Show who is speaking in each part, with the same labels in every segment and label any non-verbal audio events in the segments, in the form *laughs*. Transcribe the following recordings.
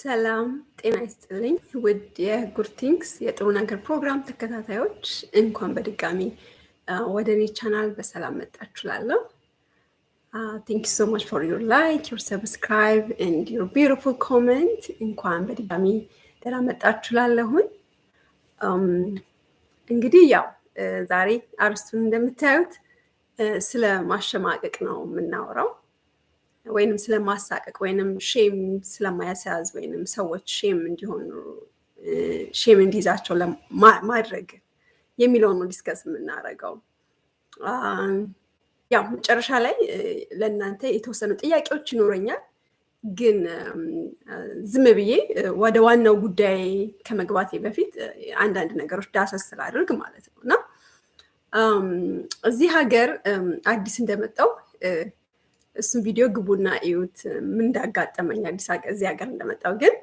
Speaker 1: ሰላም ጤና ይስጥልኝ። ውድ የጉድ ቲንግስ የጥሩ ነገር ፕሮግራም ተከታታዮች እንኳን በድጋሚ ወደ እኔ ቻናል በሰላም መጣችሁ እላለሁ። ቴንክ ሶ ማች ፎር ዩር ላይክ ዩር ሰብስክራይብ ኤንድ ዩር ቢዩቲፉል ኮመንት። እንኳን በድጋሚ ደህና መጣችሁ እላለሁኝ። እንግዲህ ያው ዛሬ አርስቱን እንደምታዩት ስለ ማሸማቀቅ ነው የምናወራው ወይንም ስለማሳቀቅ ወይንም ሼም ስለማያስያዝ ወይንም ሰዎች ሼም እንዲሆኑ ሼም እንዲይዛቸው ማድረግ የሚለውን ዲስከስ የምናደርገው። ያው መጨረሻ ላይ ለእናንተ የተወሰኑ ጥያቄዎች ይኖረኛል፣ ግን ዝም ብዬ ወደ ዋናው ጉዳይ ከመግባቴ በፊት አንዳንድ ነገሮች ዳሰስ ስላደርግ ማለት ነው እና እዚህ ሀገር አዲስ እንደመጣው እሱን ቪዲዮ ግቡና እዩት፣ ምን እንዳጋጠመኝ አዲስ እዚህ ሀገር እንደመጣው። ግን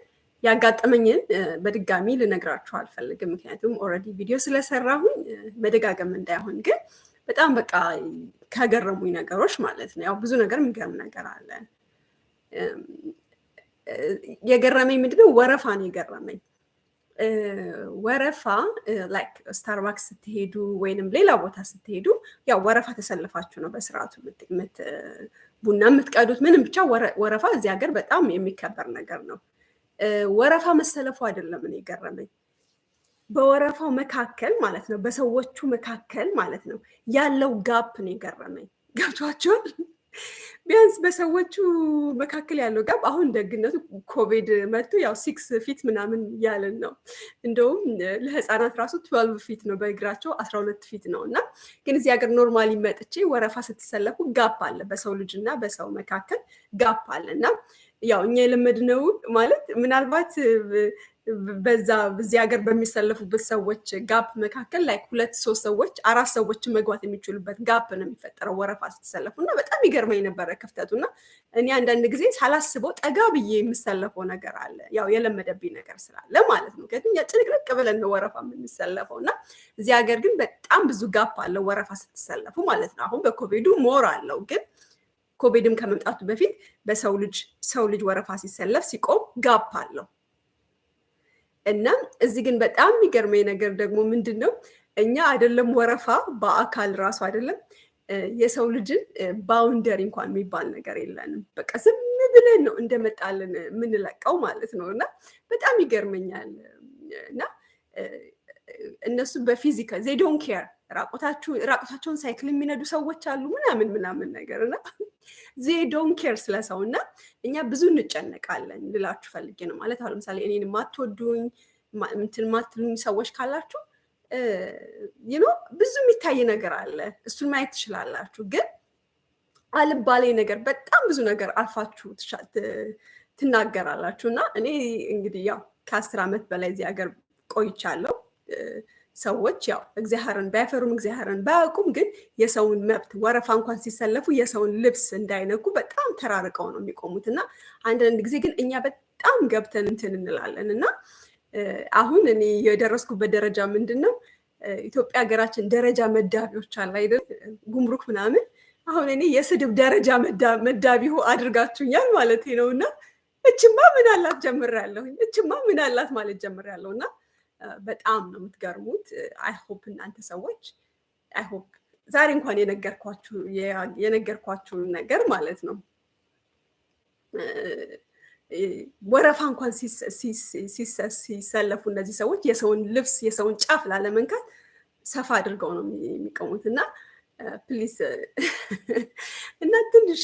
Speaker 1: ያጋጠመኝን በድጋሚ ልነግራችሁ አልፈልግም፣ ምክንያቱም ኦልሬዲ ቪዲዮ ስለሰራሁኝ መደጋገም እንዳይሆን። ግን በጣም በቃ ከገረሙኝ ነገሮች ማለት ነው። ያው ብዙ ነገር የሚገርም ነገር አለ። የገረመኝ ምንድነው ወረፋ ነው የገረመኝ። ወረፋ ላይክ ስታርባክስ ስትሄዱ ወይንም ሌላ ቦታ ስትሄዱ ያው ወረፋ ተሰልፋችሁ ነው በስርዓቱ ቡና የምትቀዱት ምንም ብቻ ወረፋ እዚህ ሀገር በጣም የሚከበር ነገር ነው። ወረፋ መሰለፉ አይደለም እኔ የገረመኝ በወረፋው መካከል ማለት ነው፣ በሰዎቹ መካከል ማለት ነው ያለው ጋፕ ነው የገረመኝ። ገብቷችሁን? ቢያንስ በሰዎቹ መካከል ያለው ጋብ አሁን ደግነቱ ኮቪድ መጥቶ ያው ሲክስ ፊት ምናምን ያለን ነው። እንደውም ለህፃናት ራሱ ትዌልቭ ፊት ነው፣ በእግራቸው አስራ ሁለት ፊት ነው እና ግን እዚህ ሀገር ኖርማሊ መጥቼ ወረፋ ስትሰለፉ ጋፕ አለ፣ በሰው ልጅ እና በሰው መካከል ጋፕ አለ እና ያው እኛ የለመድነው ማለት ምናልባት በዛ እዚህ ሀገር በሚሰለፉበት ሰዎች ጋፕ መካከል ላይ ሁለት ሶስት ሰዎች አራት ሰዎች መግባት የሚችሉበት ጋፕ ነው የሚፈጠረው ወረፋ ስትሰለፉ እና በጣም ይገርመኝ ነበረ ክፍተቱ እና እኔ አንዳንድ ጊዜ ሳላስበው ጠጋ ብዬ የምሰለፈው ነገር አለ ያው የለመደብኝ ነገር ስላለ ማለት ነው ምክንያቱም ጭንቅንቅ ብለን ነው ወረፋ የምንሰለፈው እና እዚህ ሀገር ግን በጣም ብዙ ጋፕ አለው ወረፋ ስትሰለፉ ማለት ነው አሁን በኮቪዱ ሞር አለው ግን ኮቪድም ከመምጣቱ በፊት በሰው ልጅ ሰው ልጅ ወረፋ ሲሰለፍ ሲቆም ጋፕ አለው እና እዚህ ግን በጣም የሚገርመኝ ነገር ደግሞ ምንድን ነው እኛ አይደለም ወረፋ በአካል ራሱ አይደለም የሰው ልጅን ባውንደሪ እንኳን የሚባል ነገር የለንም። በቃ ዝም ብለን ነው እንደመጣልን የምንለቀው ማለት ነው። እና በጣም ይገርመኛል እና እነሱ በፊዚካል ዶን ኬር ራቁታቸውን ሳይክል የሚነዱ ሰዎች አሉ ምናምን ምናምን ነገር እና ዜ ዶን ኬር ስለሰው እና እኛ ብዙ እንጨነቃለን ልላችሁ ፈልጌ ነው ማለት አሁ ለምሳሌ እኔን የማትወዱኝ ምትን ማትሉኝ ሰዎች ካላችሁ ይኖ ብዙ የሚታይ ነገር አለ እሱን ማየት ትችላላችሁ ግን አልባሌ ነገር በጣም ብዙ ነገር አልፋችሁ ትናገራላችሁ እና እኔ እንግዲህ ያው ከአስር ዓመት በላይ እዚህ ሀገር ቆይቻለሁ ሰዎች ያው እግዚአብሔርን ባይፈሩም እግዚአብሔርን ባያውቁም ግን የሰውን መብት ወረፋ እንኳን ሲሰለፉ የሰውን ልብስ እንዳይነኩ በጣም ተራርቀው ነው የሚቆሙት እና አንዳንድ ጊዜ ግን እኛ በጣም ገብተን እንትን እንላለን እና አሁን እኔ የደረስኩበት ደረጃ ምንድን ነው ኢትዮጵያ ሀገራችን ደረጃ መዳቢዎች አለ አይደል ጉምሩክ ምናምን አሁን እኔ የስድብ ደረጃ መዳቢ አድርጋችሁኛል ማለት ነው እና እችማ ምን አላት ጀምሬያለሁኝ እችማ ምን አላት ማለት ጀምሬያለሁ እና በጣም ነው የምትገርሙት። አይሆፕ እናንተ ሰዎች አይሆፕ ዛሬ እንኳን የነገርኳችሁን ነገር ማለት ነው ወረፋ እንኳን ሲሰለፉ እነዚህ ሰዎች የሰውን ልብስ የሰውን ጫፍ ላለመንካት ሰፋ አድርገው ነው የሚቀሙት እና ፕሊስ እና ትንሽ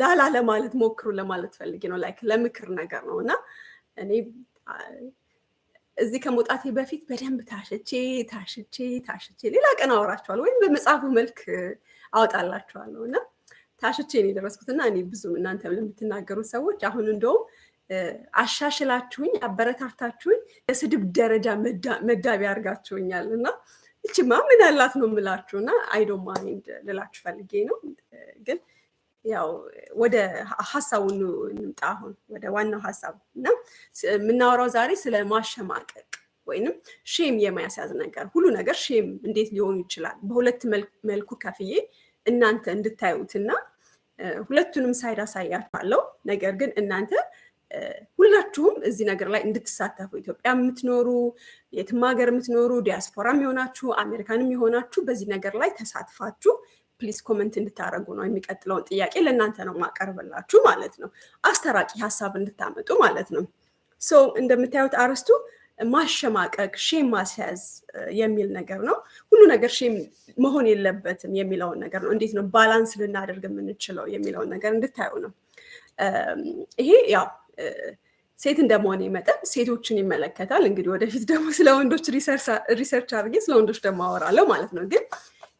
Speaker 1: ላላ ለማለት ሞክሩ ለማለት ፈልጌ ነው። ላይክ ለምክር ነገር ነው እና እኔ እዚህ ከመውጣቴ በፊት በደንብ ታሽቼ ታሽቼ ታሽቼ ሌላ ቀን አወራችኋለሁ ወይም በመጽሐፉ መልክ አወጣላችኋለሁ እና ታሽቼ ነው የደረስኩት እና እኔ ብዙም እናንተ የምትናገሩ ሰዎች አሁን እንደውም አሻሽላችሁኝ አበረታታችሁኝ ለስድብ ደረጃ መዳቢያ አድርጋችሁኛል እና እችማ ምን ያላት ነው የምላችሁ እና አይዶማ ልላችሁ ፈልጌ ነው ግን ያው ወደ ሀሳቡ እንምጣ። አሁን ወደ ዋናው ሀሳብ እና የምናወራው ዛሬ ስለ ማሸማቀቅ ወይንም ሼም የማያስያዝ ነገር ሁሉ ነገር ሼም እንዴት ሊሆኑ ይችላል? በሁለት መልኩ ከፍዬ እናንተ እንድታዩትና ሁለቱንም ሳይድ አሳያችኋለሁ። ነገር ግን እናንተ ሁላችሁም እዚህ ነገር ላይ እንድትሳተፉ ኢትዮጵያ የምትኖሩ የትም ሀገር የምትኖሩ ዲያስፖራም የሆናችሁ አሜሪካንም የሆናችሁ በዚህ ነገር ላይ ተሳትፋችሁ ፕሊስ ኮመንት እንድታደረጉ ነው። የሚቀጥለውን ጥያቄ ለእናንተ ነው ማቀርብላችሁ ማለት ነው። አስተራቂ ሀሳብ እንድታመጡ ማለት ነው። ሶ እንደምታዩት አርዕስቱ ማሸማቀቅ፣ ሼም ማስያዝ የሚል ነገር ነው። ሁሉ ነገር ሼም መሆን የለበትም የሚለውን ነገር ነው። እንዴት ነው ባላንስ ልናደርግ የምንችለው የሚለውን ነገር እንድታዩ ነው። ይሄ ያው ሴት እንደመሆን መጠን ሴቶችን ይመለከታል። እንግዲህ ወደፊት ደግሞ ስለ ወንዶች ሪሰርች አድርጌ ስለ ወንዶች ደግሞ አወራለሁ ማለት ነው ግን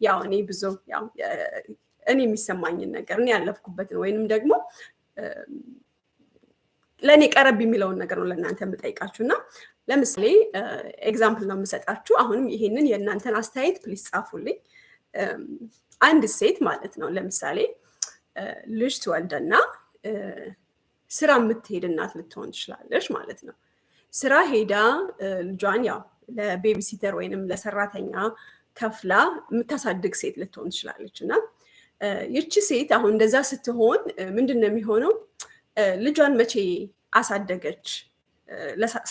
Speaker 1: ያው እኔ ብዙ ያው እኔ የሚሰማኝን ነገር እኔ ያለፍኩበትን ወይንም ደግሞ ለእኔ ቀረብ የሚለውን ነገር ነው ለእናንተ የምጠይቃችሁ እና ለምሳሌ ኤግዛምፕል ነው የምሰጣችሁ። አሁንም ይሄንን የእናንተን አስተያየት ፕሊስ ጻፉልኝ። አንድ ሴት ማለት ነው ለምሳሌ ልጅ ትወልደና ስራ የምትሄድ እናት ልትሆን ትችላለች ማለት ነው። ስራ ሄዳ ልጇን ያው ለቤቢሲተር ወይንም ለሰራተኛ ከፍላ የምታሳድግ ሴት ልትሆን ትችላለች። እና ይቺ ሴት አሁን እንደዛ ስትሆን ምንድን ነው የሚሆነው? ልጇን መቼ አሳደገች?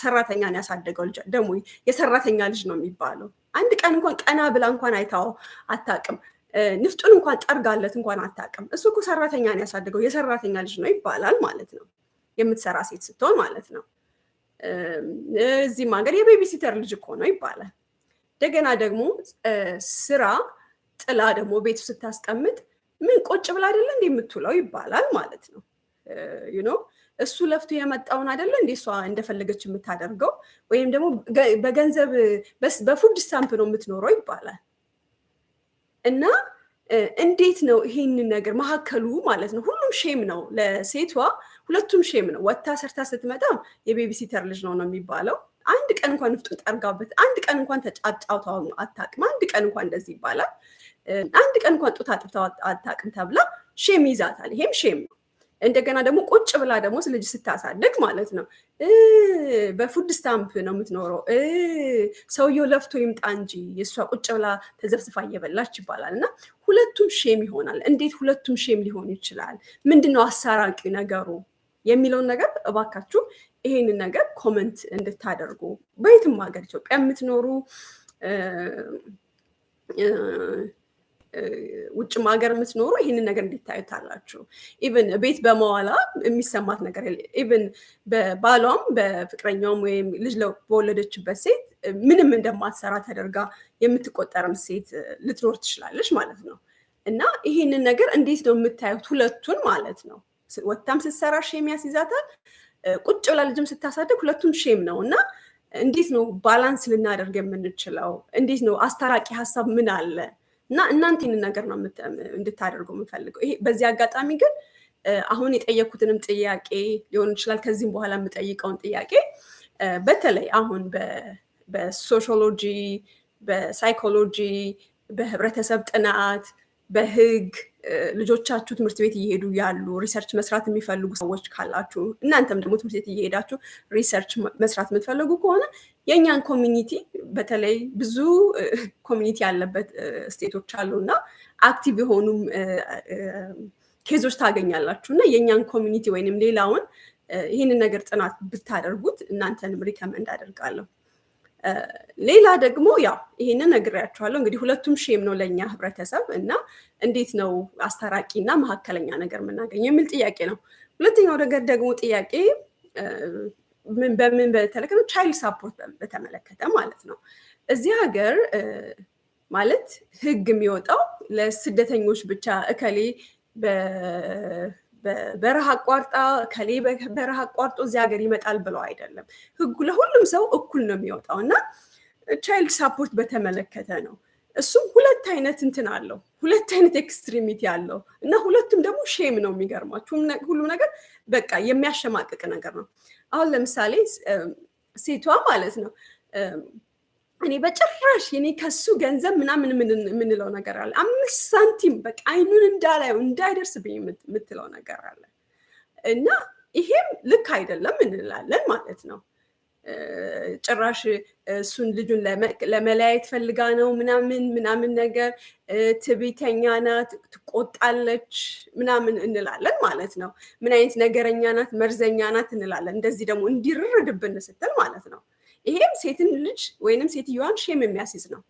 Speaker 1: ሰራተኛ ነው ያሳደገው። ልጅ ደግሞ የሰራተኛ ልጅ ነው የሚባለው። አንድ ቀን እንኳን ቀና ብላ እንኳን አይታው አታቅም ንፍጡን እንኳን ጠርጋለት እንኳን አታቅም እሱ እኮ ሰራተኛ ነው ያሳደገው፣ የሰራተኛ ልጅ ነው ይባላል ማለት ነው። የምትሰራ ሴት ስትሆን ማለት ነው። እዚህም ሀገር የቤቢሲተር ልጅ እኮ ነው ይባላል። እንደገና ደግሞ ስራ ጥላ ደግሞ ቤቱ ስታስቀምጥ ምን ቆጭ ብላ አይደለ እንዴ የምትውለው ይባላል ማለት ነው። ዩኖ እሱ ለፍቶ የመጣውን አይደለ እንዴ እሷ እንደፈለገች የምታደርገው ወይም ደግሞ በገንዘብ በፉድ ስታምፕ ነው የምትኖረው ይባላል እና እንዴት ነው ይሄንን ነገር መሀከሉ ማለት ነው። ሁሉም ሼም ነው ለሴቷ፣ ሁለቱም ሼም ነው። ወታ ሰርታ ስትመጣ የቤቢሲተር ልጅ ነው ነው የሚባለው አንድ ቀን እንኳን ውፍጡን ጠርጋበት፣ አንድ ቀን እንኳን ተጫጫውተው አታውቅም፣ አንድ ቀን እንኳን እንደዚህ ይባላል፣ አንድ ቀን እንኳን ጡት አጥብተው አታውቅም ተብላ ሼም ይዛታል። ይሄም ሼም ነው። እንደገና ደግሞ ቁጭ ብላ ደግሞ ልጅ ስታሳድግ ማለት ነው በፉድ ስታምፕ ነው የምትኖረው። ሰውየው ለፍቶ ይምጣ እንጂ የእሷ ቁጭ ብላ ተዘፍዝፋ እየበላች ይባላል። እና ሁለቱም ሼም ይሆናል። እንዴት ሁለቱም ሼም ሊሆን ይችላል? ምንድነው አሳራቂ ነገሩ የሚለውን ነገር እባካችሁ ይሄንን ነገር ኮመንት እንድታደርጉ በየትም ሀገር ኢትዮጵያ የምትኖሩ ውጭም ሀገር የምትኖሩ ይህንን ነገር እንዴት ኢቨን ቤት በመዋላ የሚሰማት ነገር ኢቨን በባሏም በፍቅረኛውም ወይም ልጅ በወለደችበት ሴት ምንም እንደማትሰራ ተደርጋ የምትቆጠርም ሴት ልትኖር ትችላለች ማለት ነው። እና ይህንን ነገር እንዴት ነው የምታዩት? ሁለቱን ማለት ነው። ወታም ስትሰራ ሼም ያስይዛታል፣ ቁጭ ብላ ልጅም ስታሳድግ ሁለቱም ሼም ነው እና እንዴት ነው ባላንስ ልናደርግ የምንችለው? እንዴት ነው አስታራቂ ሀሳብ ምን አለ? እና እናንተ ይህንን ነገር ነው እንድታደርጉ የምፈልገው ይሄ በዚህ አጋጣሚ ግን አሁን የጠየኩትንም ጥያቄ ሊሆን ይችላል ከዚህም በኋላ የምጠይቀውን ጥያቄ በተለይ አሁን በሶሽሎጂ፣ በሳይኮሎጂ፣ በህብረተሰብ ጥናት፣ በህግ ልጆቻችሁ ትምህርት ቤት እየሄዱ ያሉ ሪሰርች መስራት የሚፈልጉ ሰዎች ካላችሁ እናንተም ደግሞ ትምህርት ቤት እየሄዳችሁ ሪሰርች መስራት የምትፈልጉ ከሆነ የእኛን ኮሚኒቲ በተለይ ብዙ *laughs* ኮሚኒቲ ያለበት ስቴቶች አሉ እና አክቲቭ የሆኑም ኬዞች ታገኛላችሁ እና የእኛን ኮሚኒቲ ወይንም ሌላውን ይህንን ነገር ጥናት ብታደርጉት እናንተንም ሪከመንድ አደርጋለሁ። ሌላ ደግሞ ያው ይሄንን ነግሬያቸዋለሁ። እንግዲህ ሁለቱም ሼም ነው ለእኛ ህብረተሰብ እና እንዴት ነው አስታራቂ እና መካከለኛ ነገር የምናገኘው የሚል ጥያቄ ነው። ሁለተኛው ነገር ደግሞ ጥያቄ በምን በተለከ ቻይልድ ሳፖርት በተመለከተ ማለት ነው። እዚህ ሀገር ማለት ህግ የሚወጣው ለስደተኞች ብቻ እከሌ በበረሃ አቋርጣ ከሌ በረሃ አቋርጦ እዚህ ሀገር ይመጣል ብለው አይደለም። ህጉ ለሁሉም ሰው እኩል ነው የሚወጣው እና ቻይልድ ሳፖርት በተመለከተ ነው። እሱም ሁለት አይነት እንትን አለው፣ ሁለት አይነት ኤክስትሪሚቲ አለው እና ሁለቱም ደግሞ ሼም ነው። የሚገርማችሁ ሁሉም ነገር በቃ የሚያሸማቅቅ ነገር ነው። አሁን ለምሳሌ ሴቷ ማለት ነው እኔ በጭራሽ እኔ ከሱ ገንዘብ ምናምን የምንለው ነገር አለ። አምስት ሳንቲም በቃ አይኑን እንዳላየው እንዳይደርስብኝ የምትለው ነገር አለ እና ይሄም ልክ አይደለም እንላለን ማለት ነው። ጭራሽ እሱን ልጁን ለመለያየት ፈልጋ ነው ምናምን ምናምን ነገር ትቤተኛ ናት፣ ትቆጣለች ምናምን እንላለን ማለት ነው። ምን አይነት ነገረኛ ናት፣ መርዘኛ ናት እንላለን። እንደዚህ ደግሞ እንዲርርድብን ስትል ማለት ነው ይሄም ሴትን ልጅ ወይንም ሴትዮዋን ሼም የሚያስይዝ ነው።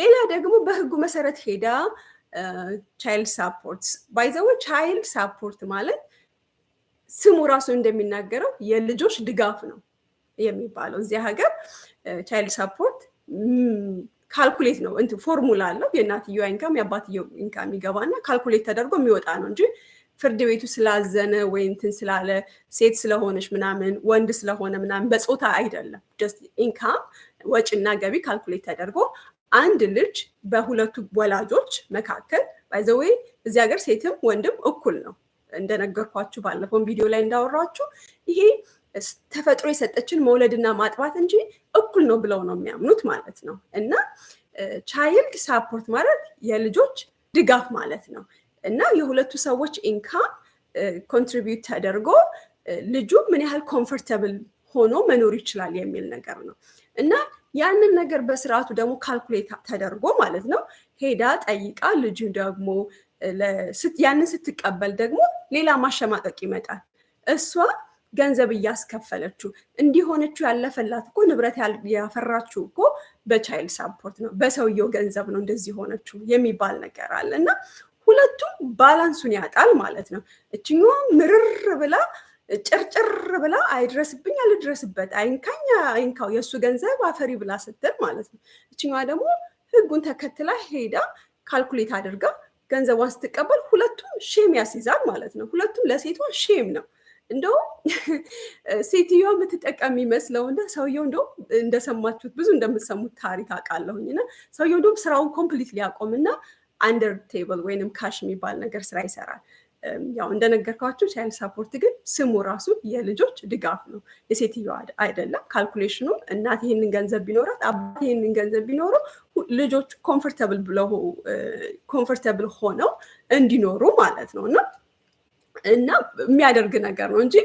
Speaker 1: ሌላ ደግሞ በህጉ መሰረት ሄዳ ቻይልድ ሳፖርት ባይዘው ቻይልድ ሳፖርት ማለት ስሙ ራሱ እንደሚናገረው የልጆች ድጋፍ ነው የሚባለው። እዚያ ሀገር ቻይልድ ሳፖርት ካልኩሌት ነው እንትን ፎርሙላ አለው። የእናትየዋ ኢንካም የአባትየው ኢንካም ይገባና ካልኩሌት ተደርጎ የሚወጣ ነው እንጂ ፍርድ ቤቱ ስላዘነ ወይ እንትን ስላለ ሴት ስለሆነች ምናምን ወንድ ስለሆነ ምናምን በጾታ አይደለም። ጀስት ኢንካም ወጪና ገቢ ካልኩሌት ተደርጎ አንድ ልጅ በሁለቱ ወላጆች መካከል ባይዘወይ እዚህ ሀገር ሴትም ወንድም እኩል ነው። እንደነገርኳችሁ ባለፈውን ቪዲዮ ላይ እንዳወራችሁ ይሄ ተፈጥሮ የሰጠችን መውለድና ማጥባት እንጂ እኩል ነው ብለው ነው የሚያምኑት ማለት ነው። እና ቻይልድ ሳፖርት ማለት የልጆች ድጋፍ ማለት ነው። እና የሁለቱ ሰዎች ኢንካም ኮንትሪቢዩት ተደርጎ ልጁ ምን ያህል ኮምፎርተብል ሆኖ መኖር ይችላል የሚል ነገር ነው እና ያንን ነገር በስርዓቱ ደግሞ ካልኩሌት ተደርጎ ማለት ነው ሄዳ ጠይቃ ልጁ ደግሞ ያንን ስትቀበል ደግሞ ሌላ ማሸማቀቅ ይመጣል። እሷ ገንዘብ እያስከፈለችው እንዲሆነችው ያለፈላት እኮ ንብረት ያፈራችው እኮ በቻይልድ ሳፖርት ነው፣ በሰውየው ገንዘብ ነው እንደዚህ ሆነችው የሚባል ነገር አለ እና ሁለቱም ባላንሱን ያጣል ማለት ነው። እችኛዋ ምርር ብላ ጭርጭር ብላ አይድረስብኝ፣ አልድረስበት፣ አይንካኝ፣ አይንካው የእሱ ገንዘብ አፈሪ ብላ ስትል ማለት ነው። እችኛዋ ደግሞ ህጉን ተከትላ ሄዳ ካልኩሌት አድርጋ ገንዘቧን ስትቀበል ሁለቱም ሼም ያስይዛል ማለት ነው። ሁለቱም ለሴቷ ሼም ነው። እንደውም *laughs* ሴትዮዋ የምትጠቀም የሚመስለው እና ሰውየው እንደውም እንደሰማችሁት ብዙ እንደምትሰሙት ታሪክ አውቃለሁኝ እና ሰውየው እንደውም ስራውን ኮምፕሊት ሊያቆም እና አንደር ቴብል ወይንም ካሽ የሚባል ነገር ስራ ይሰራል። ያው እንደነገርኳችሁ ቻይልድ ሳፖርት ግን ስሙ ራሱ የልጆች ድጋፍ ነው፣ የሴትዮዋ አይደለም። ካልኩሌሽኑ እናት ይህንን ገንዘብ ቢኖራት አባት ይህንን ገንዘብ ቢኖሩ ልጆቹ ኮምፎርተብል ብለው ኮምፎርተብል ሆነው እንዲኖሩ ማለት ነው እና እና የሚያደርግ ነገር ነው እንጂ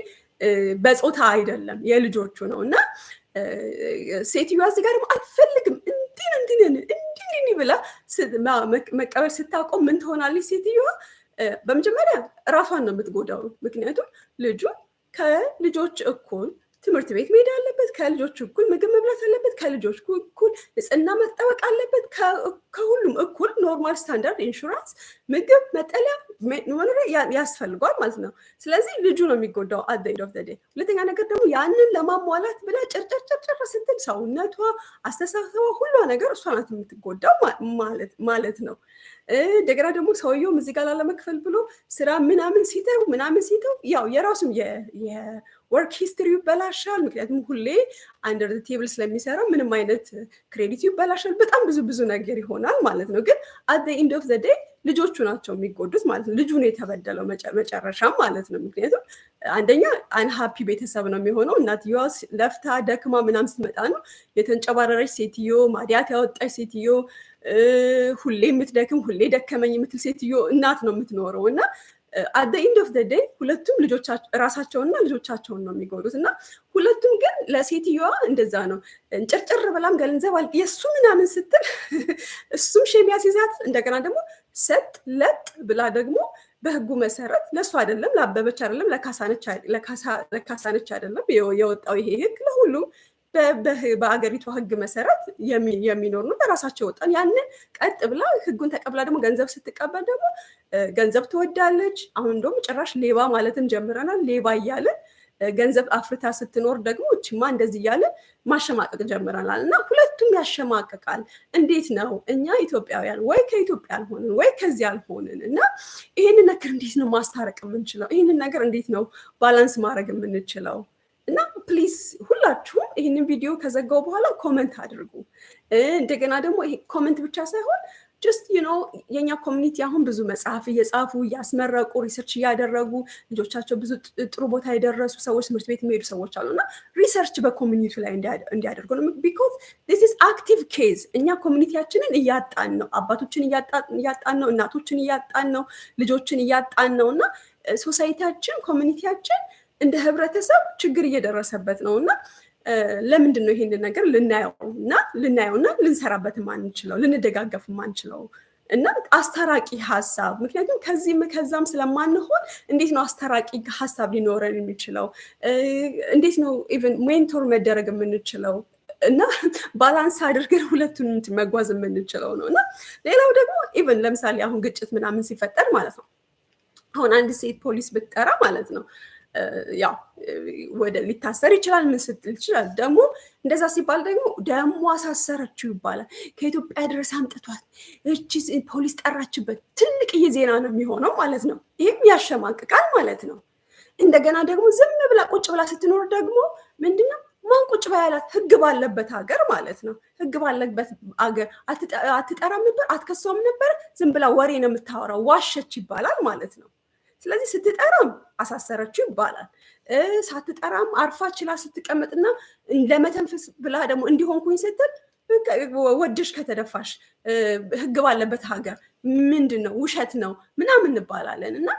Speaker 1: በፆታ አይደለም፣ የልጆቹ ነው እና ሴትዮዋ እዚህ ጋር ደግሞ አልፈልግም እንዲን እንዲን እንዲህ ብላ መቀበል ስታቆም ምን ትሆናለች ሴትዮዋ? በመጀመሪያ ራሷን ነው የምትጎዳው። ምክንያቱም ልጁ ከልጆች እኩል ትምህርት ቤት መሄድ አለበት፣ ከልጆች እኩል ምግብ መብላት አለበት፣ ከልጆች እኩል ንጽህና መጠበቅ አለበት፣ ከሁሉም እኩል ኖርማል ስታንዳርድ ኢንሹራንስ፣ ምግብ፣ መጠለያ፣ መኖሪያ ያስፈልጓል ማለት ነው። ስለዚህ ልጁ ነው የሚጎዳው አት ኤንድ ኦፍ ዘ ዴይ። ሁለተኛ ነገር ደግሞ ያንን ለማሟላት ብላ ጭርጭርጭርጭር ስትል ሰውነቷ፣ አስተሳሰቧ፣ ሁሏ ነገር እሷ ናት የምትጎዳው ማለት ነው። እንደገና ደግሞ ሰውየውም እዚህ ጋር ላለመክፈል ብሎ ስራ ምናምን ሲተው ምናምን ሲተው ያው የራሱም ወርክ ሂስትሪ ይበላሻል። ምክንያቱም ሁሌ አንደር ቴብል ስለሚሰራ ምንም አይነት ክሬዲት ይበላሻል። በጣም ብዙ ብዙ ነገር ይሆናል ማለት ነው። ግን አት ኢንድ ኦፍ ዘ ዴይ ልጆቹ ናቸው የሚጎዱት ማለት ነው። ልጁ ነው የተበደለው መጨረሻ ማለት ነው። ምክንያቱም አንደኛ አንሃፒ ቤተሰብ ነው የሚሆነው። እናትየዋ ለፍታ ደክማ ምናም ስትመጣ ነው የተንጨባረረች ሴትዮ፣ ማዲያት ያወጣች ሴትዮ፣ ሁሌ የምትደክም ሁሌ ደከመኝ የምትል ሴትዮ እናት ነው የምትኖረው እና አደ ኢንድ ኦፍ ዘ ዴይ ሁለቱም ራሳቸውንና ልጆቻቸውን ነው የሚጎዱት። እና ሁለቱም ግን ለሴትዮዋ እንደዛ ነው እንጭርጭር ብላም ገንዘብ የእሱ ምናምን ስትል *laughs* እሱም ሸሚያ ሲዛት እንደገና ደግሞ ሰጥ ለጥ ብላ ደግሞ በህጉ መሰረት ለእሱ አይደለም ለአበበች አይደለም ለካሳነች አይደለም የወጣው ይሄ ህግ ለሁሉም በሀገሪቷ ህግ መሰረት የሚኖር ነው። በራሳቸው ወጣን ያንን ቀጥ ብላ ህጉን ተቀብላ ደግሞ ገንዘብ ስትቀበል ደግሞ ገንዘብ ትወዳለች። አሁን ደግሞ ጭራሽ ሌባ ማለትም ጀምረናል። ሌባ እያለን ገንዘብ አፍርታ ስትኖር ደግሞ እችማ እንደዚህ እያለ ማሸማቀቅ ጀምረናል። እና ሁለቱም ያሸማቀቃል። እንዴት ነው እኛ ኢትዮጵያውያን ወይ ከኢትዮጵያ አልሆንን ወይ ከዚህ አልሆንን እና ይህንን ነገር እንዴት ነው ማስታረቅ የምንችለው? ይህንን ነገር እንዴት ነው ባላንስ ማድረግ የምንችለው? ፕሊስ ሁላችሁም ይህንን ቪዲዮ ከዘጋው በኋላ ኮመንት አድርጉ። እንደገና ደግሞ ይሄ ኮመንት ብቻ ሳይሆን ጀስት ዩ ኖ የእኛ ኮሚኒቲ አሁን ብዙ መጽሐፍ እየጻፉ እያስመረቁ ሪሰርች እያደረጉ ልጆቻቸው ብዙ ጥሩ ቦታ የደረሱ ሰዎች ትምህርት ቤት የሚሄዱ ሰዎች አሉ እና ሪሰርች በኮሚኒቲ ላይ እንዲያደርጉ ነው። ቢኮዝ ዚስ ኢዝ አክቲቭ ኬዝ። እኛ ኮሚኒቲያችንን እያጣን ነው፣ አባቶችን እያጣን ነው፣ እናቶችን እያጣን ነው፣ ልጆችን እያጣን ነው እና ሶሳይቲያችን ኮሚኒቲያችን እንደ ህብረተሰብ ችግር እየደረሰበት ነው እና ለምንድን ነው ይሄንን ነገር ልናየው እና ልናየው እና ልንሰራበት ማንችለው ልንደጋገፍ ማንችለው እና አስተራቂ ሀሳብ ምክንያቱም ከዚህም ከዛም ስለማንሆን እንዴት ነው አስተራቂ ሀሳብ ሊኖረን የሚችለው? እንዴት ነው ኢቨን ሜንቶር መደረግ የምንችለው? እና ባላንስ አድርገን ሁለቱን መጓዝ የምንችለው ነው እና ሌላው ደግሞ ኢቨን ለምሳሌ አሁን ግጭት ምናምን ሲፈጠር ማለት ነው አሁን አንድ ሴት ፖሊስ ብትጠራ ማለት ነው ያው ወደ ሊታሰር ይችላል። ምን ስትል ይችላል። ደግሞ እንደዛ ሲባል ደግሞ ደግሞ አሳሰረችው ይባላል። ከኢትዮጵያ ድረስ አምጥቷት እቺ ፖሊስ ጠራችበት ትልቅዬ ዜና ነው የሚሆነው ማለት ነው። ይህም ያሸማቅቃል ማለት ነው። እንደገና ደግሞ ዝም ብላ ቁጭ ብላ ስትኖር ደግሞ ምንድነው ማን ቁጭ ባያላት ህግ ባለበት ሀገር ማለት ነው። ህግ ባለበት ሀገር አትጠራም ነበር፣ አትከሷም ነበር። ዝም ብላ ወሬ ነው የምታወራው። ዋሸች ይባላል ማለት ነው። ስለዚህ ስትጠራም አሳሰረችው ይባላል። ሳትጠራም አርፋ ችላ ስትቀመጥና ለመተንፈስ ብላ ደግሞ እንዲሆንኩኝ ስትል ወድሽ ከተደፋሽ ህግ ባለበት ሀገር ምንድን ነው ውሸት ነው ምናምን እንባላለን። እና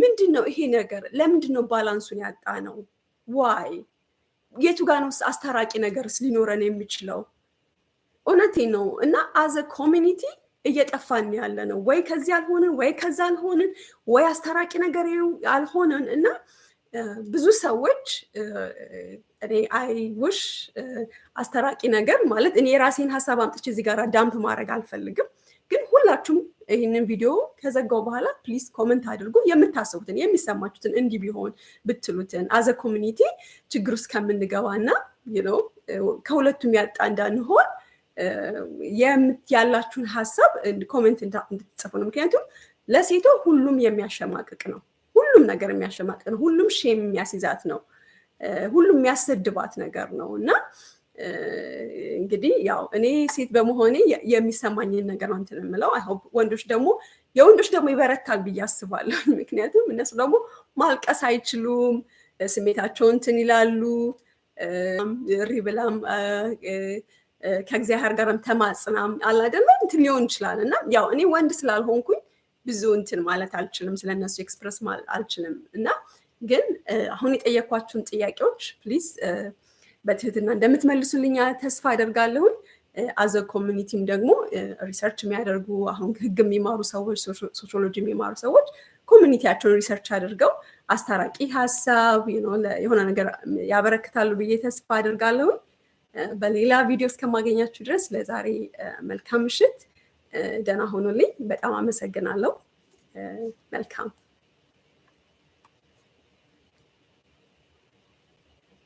Speaker 1: ምንድን ነው ይሄ ነገር ለምንድን ነው ባላንሱን ያጣ ነው? ዋይ የቱ ጋር ነው አስታራቂ ነገርስ ሊኖረን የሚችለው? እውነቴ ነው እና አዘ ኮሚኒቲ እየጠፋን ያለ ነው። ወይ ከዚህ አልሆንን፣ ወይ ከዛ አልሆንን፣ ወይ አስታራቂ ነገር አልሆንን እና ብዙ ሰዎች እኔ አይውሽ አስተራቂ ነገር ማለት እኔ የራሴን ሀሳብ አምጥቼ እዚህ ጋር ዳምፕ ማድረግ አልፈልግም። ግን ሁላችሁም ይህንን ቪዲዮ ከዘጋው በኋላ ፕሊስ ኮመንት አድርጉ የምታስቡትን የሚሰማችሁትን፣ እንዲህ ቢሆን ብትሉትን አዘ ኮሚኒቲ ችግር ውስጥ ከምንገባ እና ከሁለቱም ያጣ እንዳንሆን ያላችሁን ሀሳብ ኮሜንት እንድትጽፉ ነው። ምክንያቱም ለሴቶ ሁሉም የሚያሸማቅቅ ነው። ሁሉም ነገር የሚያሸማቅቅ ነው። ሁሉም ሼም የሚያስይዛት ነው። ሁሉም የሚያሰድባት ነገር ነው እና እንግዲህ ያው እኔ ሴት በመሆኔ የሚሰማኝን ነገር ነው እንትን የምለው። ወንዶች ደግሞ የወንዶች ደግሞ ይበረታል ብዬ አስባለሁ። *laughs* ምክንያቱም እነሱ ደግሞ ማልቀስ አይችሉም፣ ስሜታቸውን እንትን ይላሉ እሪ ብላም ከእግዚአብሔር ጋርም ተማጽና አላደለ እንትን ሊሆን ይችላል። እና ያው እኔ ወንድ ስላልሆንኩኝ ብዙ እንትን ማለት አልችልም፣ ስለነሱ ኤክስፕረስ አልችልም። እና ግን አሁን የጠየኳችሁን ጥያቄዎች ፕሊዝ በትህትና እንደምትመልሱልኝ ተስፋ አደርጋለሁኝ። አዘ ኮሚኒቲም ደግሞ ሪሰርች የሚያደርጉ አሁን ህግ የሚማሩ ሰዎች፣ ሶሾሎጂ የሚማሩ ሰዎች ኮሚኒቲያቸውን ሪሰርች አድርገው አስታራቂ ሀሳብ የሆነ ነገር ያበረክታሉ ብዬ ተስፋ አድርጋለሁኝ። በሌላ ቪዲዮ እስከማገኛችሁ ድረስ ለዛሬ መልካም ምሽት፣ ደህና ሆኖልኝ በጣም አመሰግናለሁ። መልካም